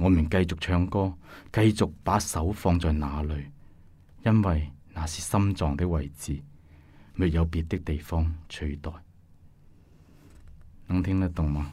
我們繼續唱歌，繼續把手放在那裏，因為那是心臟的位置，沒有別的地方取代。能聽得懂嗎？